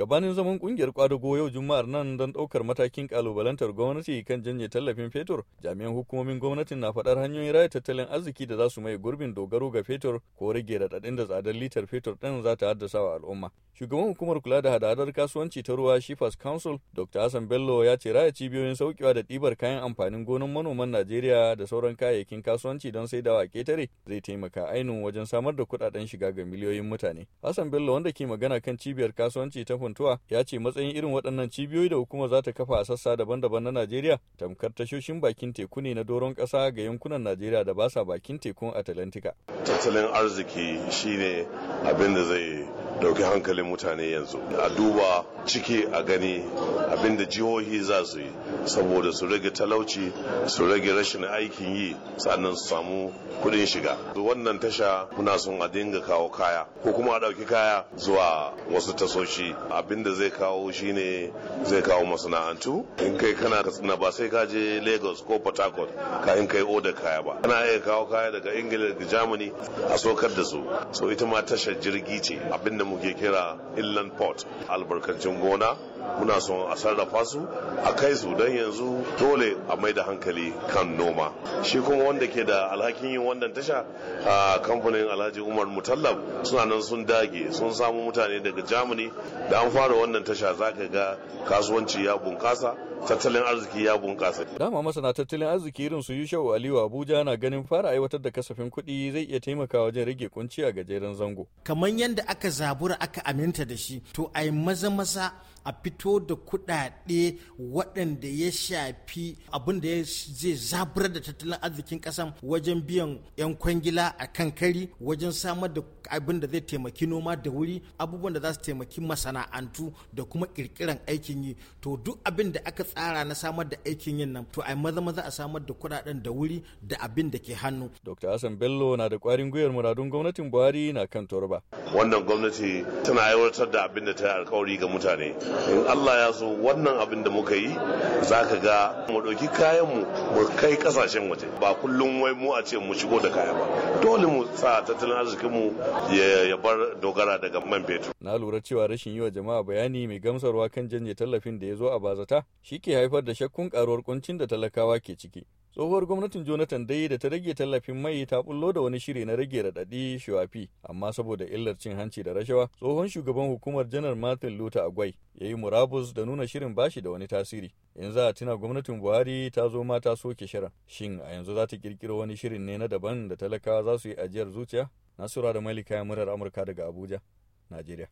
gabanin zaman kungiyar kwadago yau juma'ar nan don daukar matakin kalubalantar gwamnati kan janye tallafin fetur jami'an hukumomin gwamnatin na faɗar hanyoyin raya tattalin arziki da za su mai gurbin dogaro ga fetur ko rage raɗaɗin da tsadar litar fetur ɗin za ta haddasa wa al'umma shugaban hukumar kula da Hadadar kasuwanci ta ruwa shifas council dr hassan bello ya ce raya cibiyoyin saukewa da ɗibar kayan amfanin gonan manoman najeriya da sauran kayayyakin kasuwanci don saidawa ketare zai taimaka ainihin wajen samar da kuɗaɗen shiga ga miliyoyin mutane hassan bello wanda ke magana kan cibiyar kasuwanci ta kwantuwa ya ce matsayin irin waɗannan cibiyoyi da hukuma za ta kafa a sassa daban-daban na Najeriya tamkar tashoshin bakin teku ne na doron ƙasa ga yankunan Najeriya da ba sa bakin tekun Atlantika. Tattalin arziki shine abin da zai dauki hankalin mutane yanzu a duba ciki a gani abinda jihohi za su yi saboda su rage talauci su rage rashin aikin yi sannan su samu kudin shiga wannan tasha muna son a dinga kawo kaya ko kuma a dauki kaya zuwa wasu tasoshi abinda zai kawo shine zai kawo masana'antu in kai kana katsina ba sai ka je lagos ko port harcourt ka in kai oda kaya ba kana iya kawo kaya daga ingila daga germany a sokar da su so ita ma tashar jirgi ce abin inda muke kira inland port albarkacin gona muna son a sarrafa su a kai su don yanzu dole a mai da hankali kan noma shi kuma wanda ke da alhakin yin wannan tasha a kamfanin alhaji umar mutallab suna nan sun dage sun samu mutane daga germany da an fara wannan tasha zaka ga kasuwanci ya bunkasa tattalin arziki ya bunkasa dama masana tattalin arziki irin su yushau aliyu abuja na ganin fara aiwatar da kasafin kuɗi zai iya taimakawa wajen rage kunci a gajeren zango kamar yadda aka zabura aka aminta da shi to a maza maza a fito fito da kuɗaɗe waɗanda ya shafi abin da zai zabura da tattalin arzikin ƙasan wajen biyan 'yan kwangila a kan kari wajen samar da abin da zai taimaki noma da wuri abubuwan da za su taimaki masana'antu da kuma ƙirƙiran aikin yi to duk abin da aka tsara na samar da aikin yin nan to a maza maza a samar da kuɗaɗen da wuri da abin da ke hannu. Dr. Hassan Bello na da kwarin gwiwar muradun gwamnatin Buhari na kan torba. Wannan gwamnati tana aiwatar da abin da ta yi alkawari ga mutane. in Allah ya so wannan abin da muka yi za ka ga mu ɗauki kayan mu mu kai kasashen waje ba kullum wai mu a ce mu shigo da kaya ba dole mu sa tattalin arzikin mu ya bar dogara daga man fetur na lura cewa rashin yi wa jama'a bayani mai gamsarwa kan janye tallafin da ya zo a bazata shi ke haifar da shakkun karuwar kuncin da talakawa ke ciki tsohuwar gwamnatin jonathan dai da ta rage tallafin mai ta bullo da wani shiri na rage raɗaɗi shuwafi amma saboda illar cin hanci da rashawa tsohon shugaban hukumar janar martin luther agwai ya yi murabus da nuna shirin bashi da wani tasiri in za a tuna gwamnatin buhari ta zo mata ta soke shirin shin a yanzu za ta kirkiro wani shirin ne na daban da talakawa za su yi ajiyar zuciya nasura da malika murar amurka daga abuja najeriya